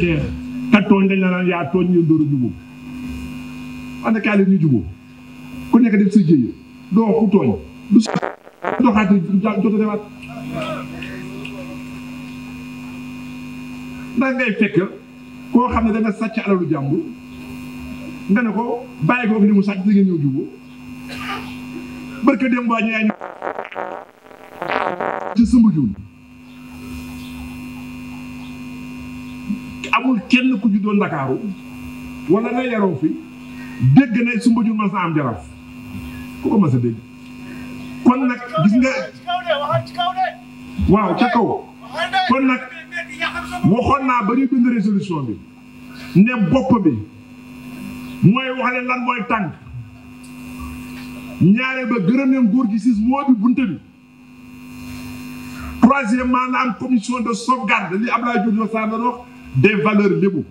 xeex te tooñ dañ la yaa tooñ ñu dóor a jubóo ana kaay leen ku nekk def si jéye doo ku tooñ du doxaat jot a demaat ndax ngay fekk koo xam ne dana sàcc alalu jàmbur nga ne ko bàyyi ko li mu sàcc di nga ñëw jubóo barke dem waa ñu yaay ci sëmb amul kenn ku juddoo Ndakaaru wala nga yaroo fi dégg na su mbaju mas a kon nag gis waaw ca kaw kon nag waxoon naa ba ñuy résolution bi ne bopp bi mooy wax ne lan mooy tànk ñaare ba gërëm nguur gi siis moo bi bunte bi troisièmement na am commission de sauvegarde li Abdoulaye Diouf la wax des valeurs lébou.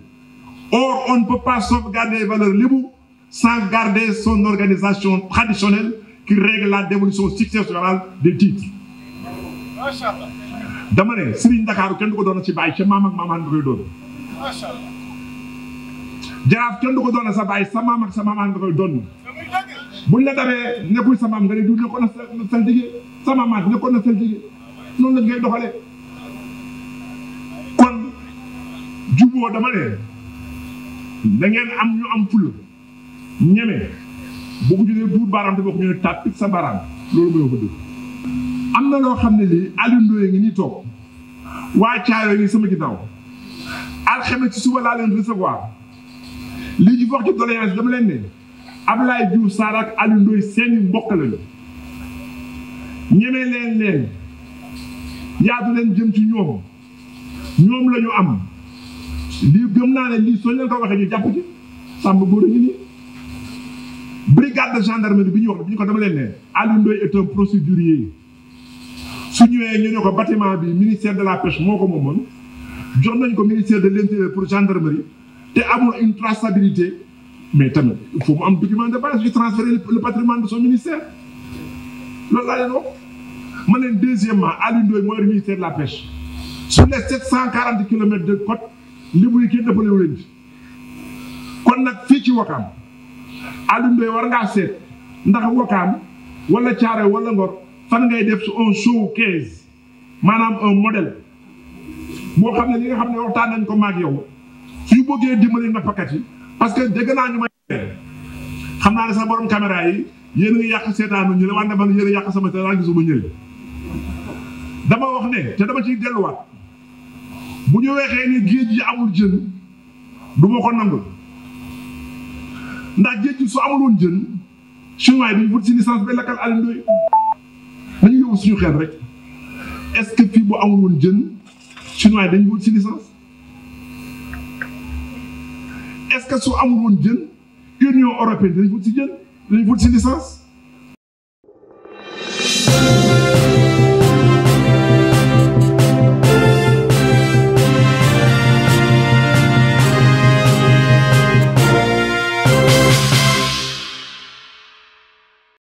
Or, on ne peut pas sauvegarder les valeurs lébou sans garder son organisation traditionnelle qui règle la dévolution successorale des titres. dama ne Serigne Dakar kenn du ko doon ci bàyyi ca maam ak maamaan nga koy doon. kenn du ko doon sa bàyyi sa maam ak sa maamaan nga koy doon. buñ la nekkul sa maam nga ne du nekkoon na sa sa liggéey sa maamaan juboo dama leen da am ñu am fula ñeme boo ko jëlee duur baaraam te boo ko ñëwee tàppit sa baaraam loolu mooy ko dëgg am na loo xam ne lii Aliou ngi nii toog waa Caaroy ngi sama ginnaaw alxames ci suba laa leen recevoir lii ji wax ci doléance dama leen ne Ablaye Diouf Sarr ak Aliou Ndoye seeni mbokk la la ñeme leen leen yaatu leen jëm ci ñoom ñoom la am lii gëm naa ne lii soo leen ko waxee ñu jàpp ci sàmm góor a nii brigade de gendarmerie bi ñu wax bi ñu ko dama leen ne Alioune Ndoye est un procédurier su ñëwee ñu ne ko bâtiment bi ministère de la pêche moo ko moomoon jox nañ ko ministère de l'intérieur pour gendarmerie te amul une traçabilité mais tamit il faut mu am document de base yu transférer le patrimoine de son ministère loolu laa leen wax ma leen deuxièmement Alioune Ndoye mooy ministère de la pêche sur les sept cent quarante kilomètres de côte li muy kenn ëppalewu leen ci kon nag fii ci Wakaam Aliou war ngaa seet ndax Wakaam wala caaree wala Ngor fan ngay def su un showcase maanaam un modèle boo xam ne li nga xam ne waxtaan nañ ko maag yow suñu bëggee dimbali nappkat yi parce que dégg naa ñu may xam naa ne sax borom caméra yi yéen ngi yàq seetaanu ñu ne wante man yéen a yàq sama seetaan gisuma ñëw dama wax ne te dama ciy delluwaat bu ñu weexee ne géej gi amul jën du ma ko nangu ndax géej gi su amuloon jën chinois yi duñ wut si licence ba lakkal Alioune Ndoye dañu yóbbu suñu xel rek est-ce que fii bu amuloon jën chinois yi dañu wut si licence est-ce que su amuloon jën Union européenne dañu wut si jën dañu wut si licence